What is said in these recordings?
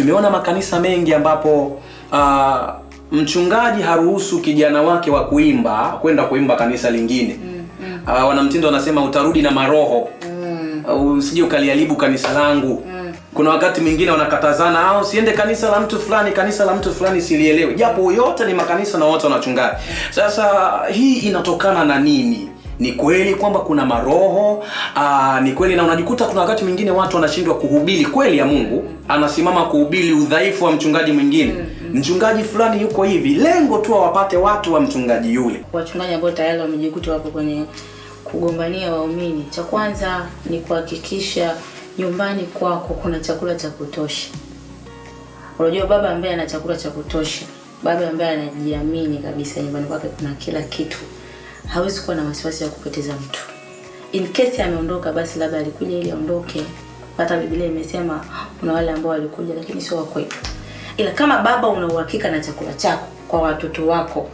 Tumeona makanisa mengi ambapo uh, mchungaji haruhusu kijana wake wa kuimba kwenda kuimba kanisa lingine mm, mm. Uh, wanamtindo wanasema utarudi na maroho mm. Uh, usije ukaliharibu kanisa langu mm. Kuna wakati mwingine wanakatazana, au siende kanisa la mtu fulani, kanisa la mtu fulani silielewe, japo yote ni makanisa na wote wanachungaji. Sasa hii inatokana na nini? Ni kweli kwamba kuna maroho aa, ah, ni kweli na unajikuta kuna wakati mwingine watu wanashindwa kuhubiri kweli ya Mungu, anasimama kuhubiri udhaifu wa mchungaji mwingine mm -hmm. Mchungaji fulani yuko hivi, lengo tu awapate watu wa mchungaji yule. Wachungaji ambao tayari wamejikuta wako kwenye kugombania waumini, cha kwanza ni kuhakikisha nyumbani kwako kuna chakula cha kutosha. Unajua, baba ambaye ana chakula cha kutosha, baba ambaye anajiamini kabisa, nyumbani kwake kuna kila kitu hawezi kuwa na wasiwasi ya kupoteza mtu. In case ameondoka, basi labda alikuja ili aondoke. Hata Biblia imesema kuna wale ambao walikuja lakini sio wa kwetu. Ila kama baba, una uhakika na chakula chako kwa watoto wako,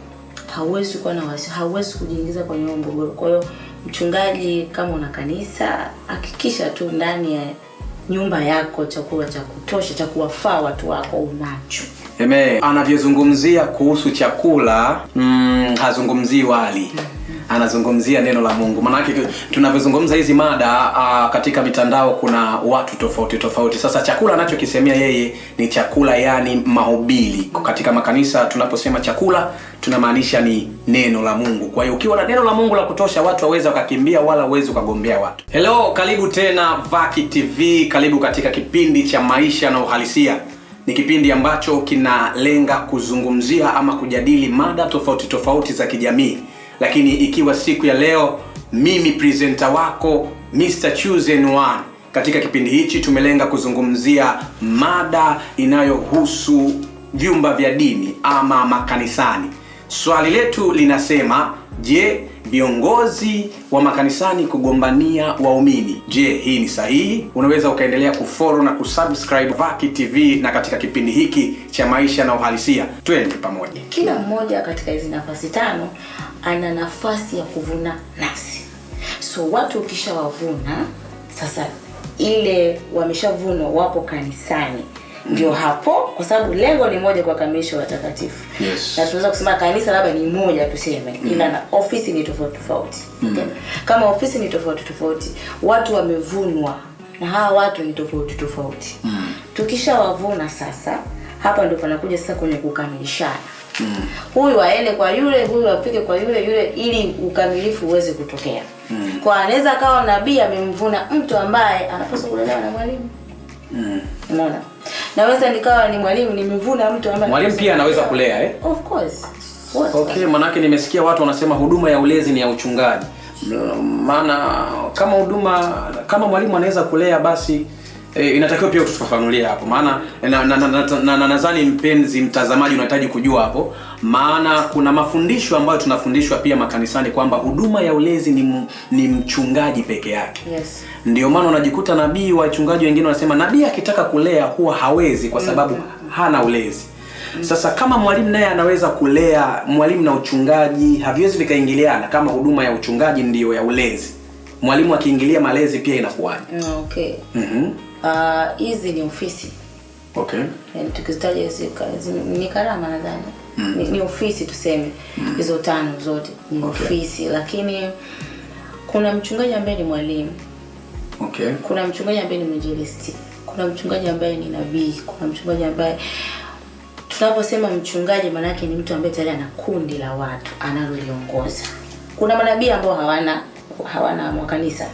hauwezi kuwa na wasiwasi, hauwezi kujiingiza kwenye mgogoro. Kwa hiyo, mchungaji, kama una kanisa, hakikisha tu ndani ya nyumba yako chakula cha kutosha cha kuwafaa watu wako unacho. Amen. anavyozungumzia kuhusu chakula mm, hazungumzii wali mm anazungumzia neno la Mungu. Maanake tunavyozungumza hizi mada a, katika mitandao kuna watu tofauti tofauti. Sasa chakula anachokisemea yeye ni chakula, yani mahubiri. Katika makanisa tunaposema chakula tunamaanisha ni neno la Mungu. Kwa hiyo ukiwa na neno la Mungu la kutosha, watu waweza wakakimbia, wala uwezi ukagombea watu. Hello, karibu tena Vaki TV, karibu katika kipindi cha maisha na uhalisia ni kipindi ambacho kinalenga kuzungumzia ama kujadili mada tofauti tofauti za kijamii lakini ikiwa siku ya leo mimi presenter wako Mr. Chosen One. Katika kipindi hichi tumelenga kuzungumzia mada inayohusu vyumba vya dini ama makanisani. Swali letu linasema, je, viongozi wa makanisani kugombania waumini. Je, hii ni sahihi? Unaweza ukaendelea kufollow na kusubscribe Vaki TV na katika kipindi hiki cha maisha na uhalisia, twende pamoja. Kila mmoja katika hizi nafasi tano ana nafasi ya kuvuna nafsi. So watu ukishawavuna sasa, ile wameshavunwa, wapo kanisani ndio hapo, kwa sababu lengo ni moja, kuwakamilisha watakatifu yes. Na tunaweza kusema kanisa labda ni moja tuseme, mm. ila na ofisi ni tofauti tofauti mm. okay? Kama ofisi ni tofauti tofauti, watu wamevunwa na hawa watu ni tofauti tofauti mm. Tukishawavuna sasa, hapa ndio panakuja sasa kwenye kukamilishana mm. Huyu aende kwa yule, huyu afike kwa yule yule, ili ukamilifu uweze kutokea mm. Kwa anaweza akawa nabii amemvuna mtu ambaye anapaswa kulelewa na mwalimu Mm. Unaona? Naweza nikawa ni mwalimu nimevuna mtu ambaye mwalimu pia anaweza kulea eh? Of course. What? Okay, manake nimesikia watu wanasema huduma ya ulezi ni ya uchungaji. Maana kama huduma kama mwalimu anaweza kulea basi e, inatakiwa pia utufafanulie hapo, maana nadhani eh, na, na, na, na, mpenzi mtazamaji unahitaji kujua hapo, maana kuna mafundisho ambayo tunafundishwa pia makanisani kwamba huduma ya ulezi ni, ni mchungaji peke yake. Yes. Ndio maana unajikuta nabii, wachungaji wengine wanasema nabii akitaka kulea huwa hawezi kwa sababu mm -hmm. hana ulezi mm. sasa kama mwalimu naye anaweza kulea, mwalimu na uchungaji haviwezi vikaingiliana kama huduma ya uchungaji ndiyo ya ulezi. Mwalimu akiingilia malezi pia inakuwaje? Ah, okay. mm -hmm. Uh, hizi uh, ni ofisi okay. Yani, tukizitaja ni Karama nadhani mm. ni, ni ofisi tuseme mm. hizo mm. tano zote ni okay. ofisi, lakini kuna mchungaji ambaye ni mwalimu okay. kuna mchungaji ambaye ni mwinjilisti, kuna mchungaji ambaye ni nabii, kuna mchungaji ambaye tunaposema mchungaji maanake ni mtu ambaye tayari ana kundi la watu analoliongoza. Kuna manabii ambao hawana hawana makanisa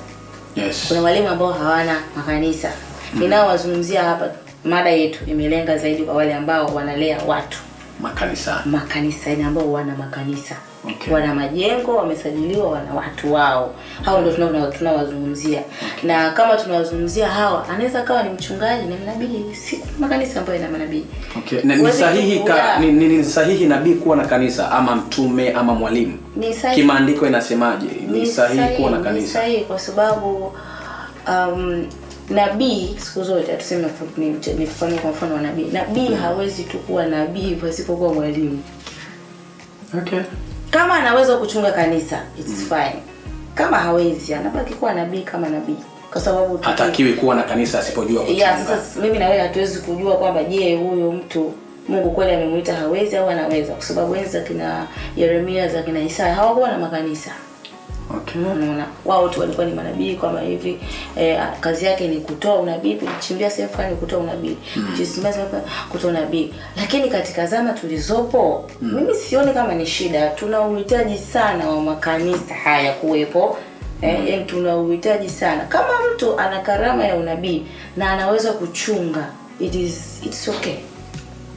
yes. Kuna walimu ambao hawana makanisa Mm. Ninawazungumzia hapa, mada yetu imelenga zaidi kwa wale ambao wanalea watu makanisa makanisani, ambao wana makanisa okay. wana majengo wamesajiliwa, wana watu wao, hao ndio tunawazungumzia okay. na kama tunawazungumzia hawa, anaweza kawa ni mchungaji, ni mnabii, si makanisa ambayo ina manabii okay. na ni sahihi ka, ni, ni, ni sahihi nabii kuwa na kanisa ama mtume ama mwalimu? Ni sahihi, kimaandiko inasemaje? Ni sahihi kuwa na kanisa? Ni sahihi kwa sababu um, nabii siku zote atuseme nifanye kwa mfano wa nabii, nabii mm. hawezi tu kuwa nabii pasipokuwa mwalimu. Okay, kama anaweza kuchunga kanisa it's mm. fine, kama hawezi anabaki kuwa nabii kama nabii kwa sababu hatakiwi kuwa na kanisa asipojua kuchunga. Yeah, sasa mimi na wewe hatuwezi kujua kwamba je, huyo mtu Mungu kweli amemwita hawezi au anaweza, kwa sababu za kina Yeremia za kina Isaya hawakuwa na makanisa. Okay. Unaona, wao tu walikuwa ni manabii kama hivi eh, kazi yake ni kutoa unabii, kuchimbia sehemu fulani kutoa unabii, hmm. kuchimbia kutoa unabii. Lakini katika zama tulizopo, mm. mimi sioni kama ni shida. Tuna uhitaji sana wa makanisa haya kuwepo. Eh, hmm. yaani tuna uhitaji sana. Kama mtu ana karama ya unabii na anaweza kuchunga, it is it's okay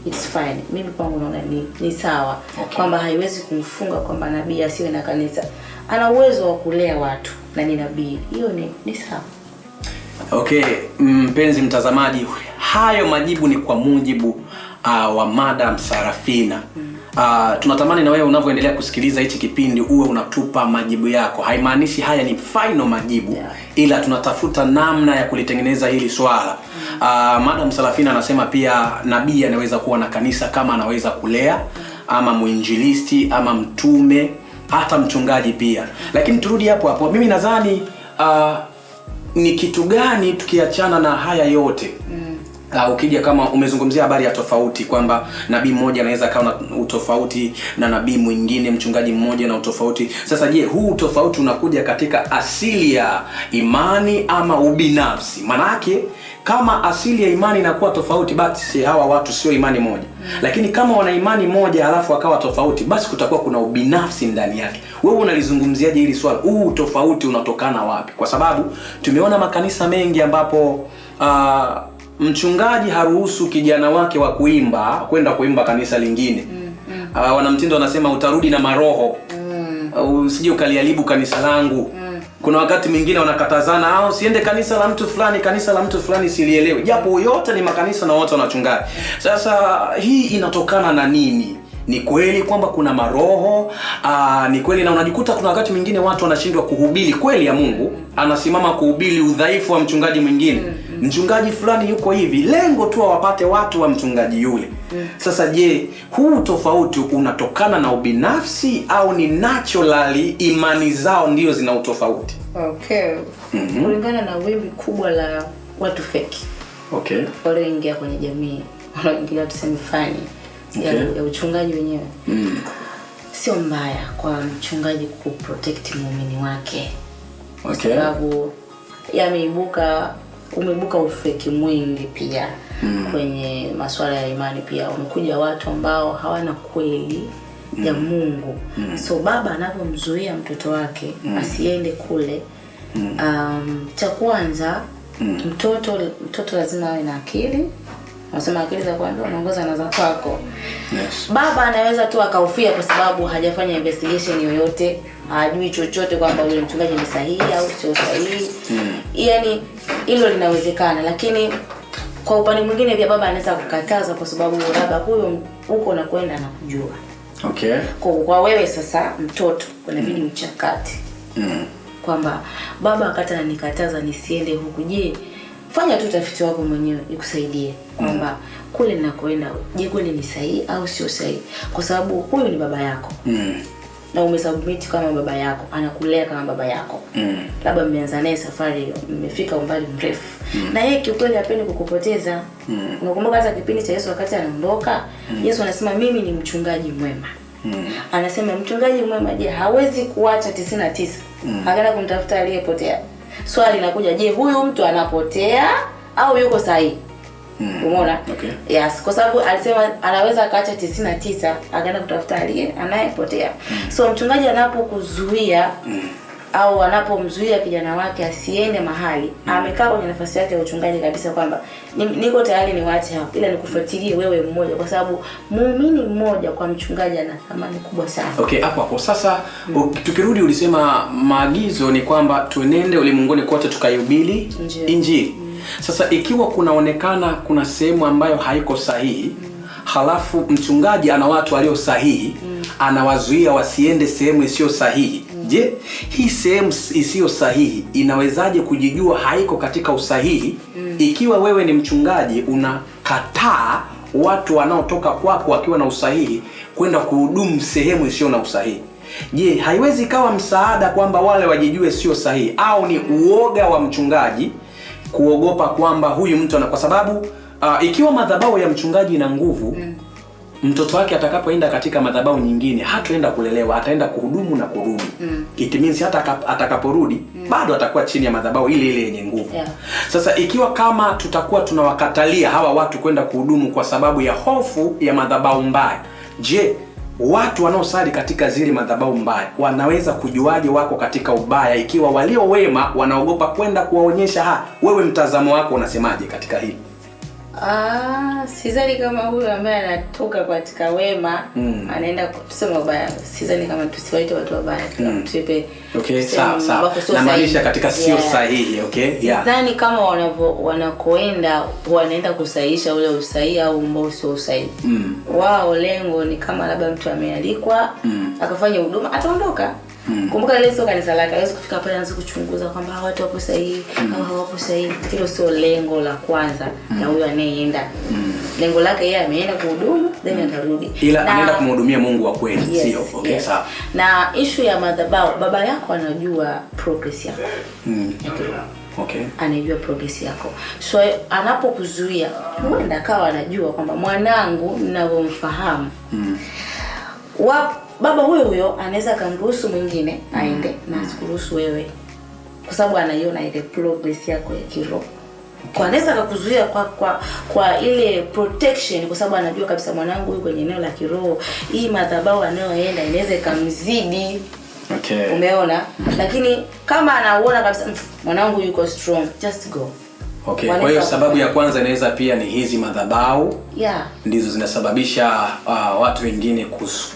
it's fine. Mimi kwangu naona ni, ni sawa okay. Kwamba haiwezi kumfunga kwamba nabii asiwe na kanisa, ana uwezo wa kulea watu na ni nabii, hiyo ni, ni sawa okay. Mpenzi mtazamaji, hayo majibu ni kwa mujibu uh, wa Madam Sarafina mm. Uh, tunatamani na wewe unavyoendelea kusikiliza hichi kipindi uwe unatupa majibu yako. Haimaanishi haya ni final majibu yeah, ila tunatafuta namna ya kulitengeneza hili swala mm. Uh, Madam Sarafina anasema pia nabii anaweza kuwa na kanisa kama anaweza kulea ama mwinjilisti ama mtume hata mchungaji pia, lakini turudi hapo hapo. Mimi nadhani uh, ni kitu gani tukiachana na haya yote mm. Uh, ukija kama umezungumzia habari ya tofauti kwamba nabii mmoja anaweza kawa na utofauti na nabii mwingine, mchungaji mmoja na utofauti. Sasa je, huu utofauti unakuja katika asili ya imani ama ubinafsi? Manake kama asili ya imani inakuwa tofauti, basi hawa watu sio imani moja mm. Lakini kama wana imani moja alafu akawa tofauti, basi kutakuwa kuna ubinafsi ndani yake. Wewe unalizungumziaje hili swala, huu tofauti unatokana wapi? Kwa sababu tumeona makanisa mengi ambapo uh, mchungaji haruhusu kijana wake wa kuimba kwenda kuimba kanisa lingine mm, mm. Uh, wanamtindo wanasema utarudi na maroho mm. Ah, usije ukaliharibu kanisa langu mm. Kuna wakati mwingine wanakatazana, au ah, usiende kanisa la mtu fulani, kanisa la mtu fulani silielewe, japo yote ni makanisa na wote wanachungaji. Sasa hii inatokana na nini? Ni kweli kwamba kuna maroho aa, ni kweli na unajikuta kuna wakati mwingine watu wanashindwa kuhubiri kweli ya Mungu, mm. anasimama kuhubiri udhaifu wa mchungaji mwingine mm mchungaji fulani yuko hivi, lengo tu awapate watu wa mchungaji yule. Mm. Sasa je, huu tofauti unatokana na ubinafsi au ni naturally imani zao ndio zina utofauti? Okay. mm -hmm. kulingana na wimbi kubwa la watu feki okay, walioingia kwenye jamii wanaoingia tuseme fani okay. ya, uchungaji wenyewe mm. Sio mbaya kwa mchungaji kuprotect muumini wake okay, sababu yameibuka umebuka ufeki mwingi pia mm. kwenye masuala ya imani pia wamekuja watu ambao hawana kweli ya hmm. Mungu mm. so baba anavyomzuia mtoto wake mm. asiende kule mm. um, cha kwanza mm. mtoto mtoto lazima awe na akili Unasema akili za kwanza unaongoza na za kwako. Yes. Baba anaweza tu akaufia kwa sababu hajafanya investigation yoyote, hajui chochote kwamba yule mchungaji ni sahihi au sio sahihi. Mm. yani hilo linawezekana, lakini kwa upande mwingine pia baba anaweza kukatazwa kwa sababu labda huyo huko nakwenda kujua. Okay. Kwa, kwa wewe sasa mtoto unabidi mm. mchakati mm. kwamba baba akati ananikataza nisiende huku, je, fanya tu utafiti wako mwenyewe ikusaidie kwamba mm. kule nakwenda, je kweli ni sahihi au sio sahihi, kwa sababu huyu ni baba yako mm na umesubmit kama baba yako, anakulea kama baba yako mm. labda mmeanza naye safari, mmefika umbali mrefu mm. na yeye kiukweli hapendi kukupoteza mm. unakumbuka hata kipindi cha Yesu wakati anaondoka mm. Yesu anasema mimi ni mchungaji mwema mm. anasema mchungaji mwema, je, hawezi kuacha tisini na tisa mm. akaenda kumtafuta aliyepotea? Swali linakuja, je, huyu mtu anapotea au yuko sahihi? Mm. Umeona? Okay. Yes, kwa sababu alisema anaweza akaacha tisa akaenda kutafuta aliye anayepotea. Mm. So mchungaji anapokuzuia mm au anapomzuia kijana wake asiende mahali mm. amekaa kwenye nafasi yake ya uchungaji kabisa, kwamba niko tayari niwaache hapo, ila nikufuatilie wewe mmoja, kwa sababu muumini mmoja kwa mchungaji ana thamani kubwa sana. Okay, hapo hapo sasa mm. tukirudi, ulisema maagizo ni kwamba tuenende ulimwenguni kote tukaihubiri Injili. Sasa ikiwa kunaonekana kuna sehemu ambayo haiko sahihi halafu mchungaji ana watu walio sahihi anawazuia wasiende sehemu isiyo sahihi. Je, hii sehemu isiyo sahihi inawezaje kujijua haiko katika usahihi ikiwa wewe ni mchungaji unakataa watu wanaotoka kwako wakiwa na usahihi kwenda kuhudumu sehemu isiyo na usahihi? Je, haiwezi ikawa msaada kwamba wale wajijue sio sahihi, au ni uoga wa mchungaji kuogopa kwamba huyu mtu ana, kwa sababu uh, ikiwa madhabahu ya mchungaji ina nguvu mm. Mtoto wake atakapoenda katika madhabahu nyingine hataenda kulelewa, ataenda kuhudumu na kurudi mm. It means hata atakaporudi mm. bado atakuwa chini ya madhabahu ile ile yenye nguvu yeah. Sasa ikiwa kama tutakuwa tunawakatalia hawa watu kwenda kuhudumu kwa sababu ya hofu ya madhabahu mbaya, je, watu wanaosali katika zile madhabahu mbaya wanaweza kujuaje wako katika ubaya, ikiwa walio wema wanaogopa kwenda kuwaonyesha? Ha, wewe mtazamo wako unasemaje katika hili? Ah, sidhani kama huyu ambaye anatoka katika wema mm. anaenda kusema ubaya. Sidhani kama tusiwaite watu wabaya, hmm. tusipe. Okay, sawa sawa. Na maanisha katika sio yeah. sahihi, okay? Yeah. Sidhani kama wanavyo wanakoenda wanaenda kusahihisha ule usahihi au mbao sio usahihi. Mm. Wao lengo ni kama labda mtu amealikwa mm. akafanya huduma ataondoka. Mm. Kumbuka ile sio kanisa lake, hawezi kufika pale aanze kuchunguza kwamba hawa watu wapo sahihi mm. au hawako sahihi. Hilo sio lengo la kwanza mm. na huyo anayeenda mm. lengo lake yeye ameenda kuhudumu mm. then atarudi, ila anaenda kumhudumia Mungu wa kweli, sio? Okay, sawa. Na issue ya madhabahu, baba yako anajua progress yako mm. okay. Okay. Anajua progress yako, so anapokuzuia huenda akawa anajua kwamba mwanangu, ninavyomfahamu mm. wapo baba huyo huyo anaweza akamruhusu mwingine aende mm. na asikuruhusu wewe, kwa sababu anaiona ile progress yako ya kiroho kwa anaweza akakuzuia kwa kwa kwa ile protection, kwa sababu anajua kabisa mwanangu huyu kwenye eneo la kiroho, hii madhabahu anayoenda inaweza ikamzidi. Okay, umeona. Lakini kama anauona kabisa mm, mwanangu yuko strong, just go Okay, kwa hiyo sababu ya kwanza inaweza pia ni hizi madhabahu yeah, ndizo zinasababisha uh, watu wengine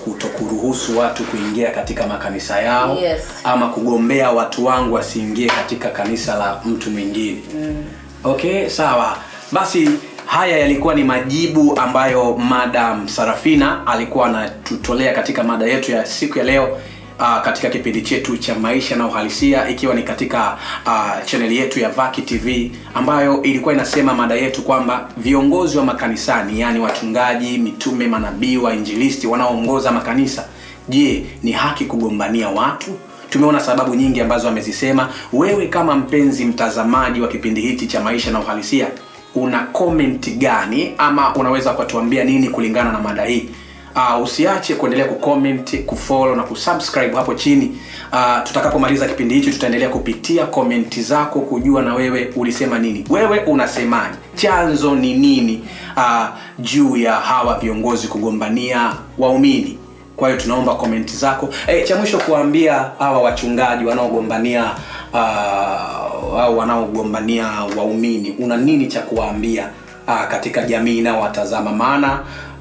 kutokuruhusu watu kuingia katika makanisa yao yes, ama kugombea watu wangu wasiingie katika kanisa la mtu mwingine mm. Okay, sawa basi. Haya yalikuwa ni majibu ambayo Madam Sarafina alikuwa anatutolea katika mada yetu ya siku ya leo uh, katika kipindi chetu cha maisha na uhalisia, ikiwa ni katika uh, chaneli yetu ya Vaki TV ambayo ilikuwa inasema mada yetu kwamba viongozi wa makanisani, yani wachungaji, mitume, manabii, wainjilisti wanaoongoza makanisa, je, ni haki kugombania watu? Tumeona sababu nyingi ambazo amezisema. Wewe kama mpenzi mtazamaji wa kipindi hiki cha maisha na uhalisia, una comment gani, ama unaweza ukatuambia nini kulingana na mada hii? Uh, usiache kuendelea kucomment, kufollow na kusubscribe hapo chini. Uh, tutakapomaliza kipindi hichi tutaendelea kupitia komenti zako kujua na wewe ulisema nini, wewe unasemaje, chanzo ni nini uh, juu ya hawa viongozi kugombania waumini. Kwa hiyo tunaomba komenti zako. E, cha mwisho kuambia hawa wachungaji wanaogombania uh, au wanaogombania waumini, una nini cha kuwaambia uh, katika jamii inayowatazama maana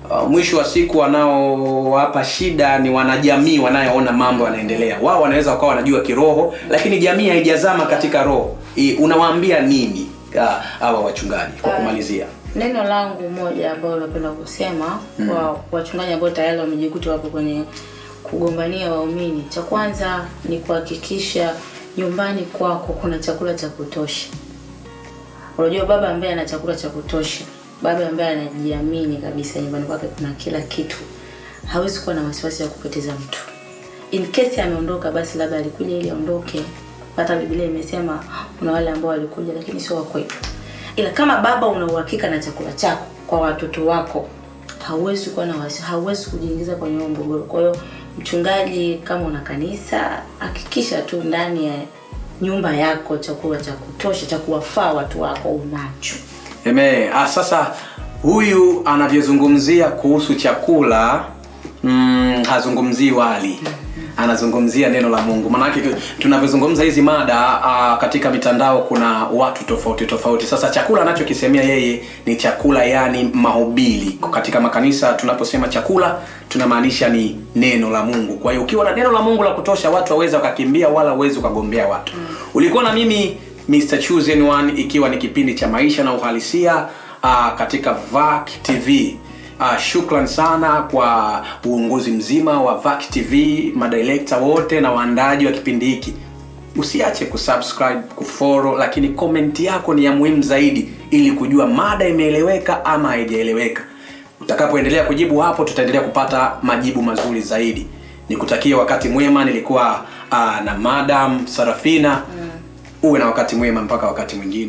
uh, mwisho wa siku wanaowapa shida ni wanajamii wanayoona mambo yanaendelea. Wao wanaweza wakawa wanajua kiroho, lakini jamii haijazama katika roho. Unawaambia nini uh, hawa wachungaji kwa uh, kumalizia? Neno langu moja ambalo napenda kusema mm. kwa wachungaji ambao tayari wamejikuta wapo kwenye kugombania waumini, cha kwanza ni kuhakikisha nyumbani kwako kuna chakula cha kutosha. Unajua baba ambaye ana chakula cha kutosha baba ambaye anajiamini kabisa, nyumbani kwake kuna kila kitu, hawezi kuwa na wasiwasi wa kupoteza mtu. In case ameondoka, basi labda alikuja ili aondoke. Hata Biblia imesema kuna wale ambao walikuja lakini sio wa kwetu. Ila kama baba, una uhakika na chakula chako kwa watoto wako, hauwezi kuwa na wasiwasi, hauwezi kujiingiza kwenye mgogoro. Kwa hiyo, mchungaji, kama una kanisa, hakikisha tu ndani ya nyumba yako chakula cha kutosha cha kuwafaa watu wako unacho. Eme, ah, sasa huyu anavyozungumzia kuhusu chakula mm, hazungumzii wali anazungumzia neno la Mungu. manake tunavyozungumza hizi mada a, ah, katika mitandao kuna watu tofauti tofauti. Sasa chakula anachokisemea yeye ni chakula, yani mahubiri. Katika makanisa tunaposema chakula tunamaanisha ni neno la Mungu. Kwa hiyo ukiwa na neno la Mungu la kutosha, watu waweza wakakimbia, wala uwezi ukagombea watu. Ulikuwa na mimi Mr. Chosen One, ikiwa ni kipindi cha maisha na uhalisia uh, katika VAK TV. Uh, ah, shukran sana kwa uongozi mzima wa VAK TV, madirekta wote na waandaji wa kipindi hiki. Usiache kusubscribe, kufollow, lakini komenti yako ni ya muhimu zaidi ili kujua mada imeeleweka ama haijaeleweka. Utakapoendelea kujibu hapo, tutaendelea kupata majibu mazuri zaidi. Nikutakia wakati mwema. Nilikuwa uh, na Madam Sarafina mm uwe na wakati mwema mpaka wakati mwingine.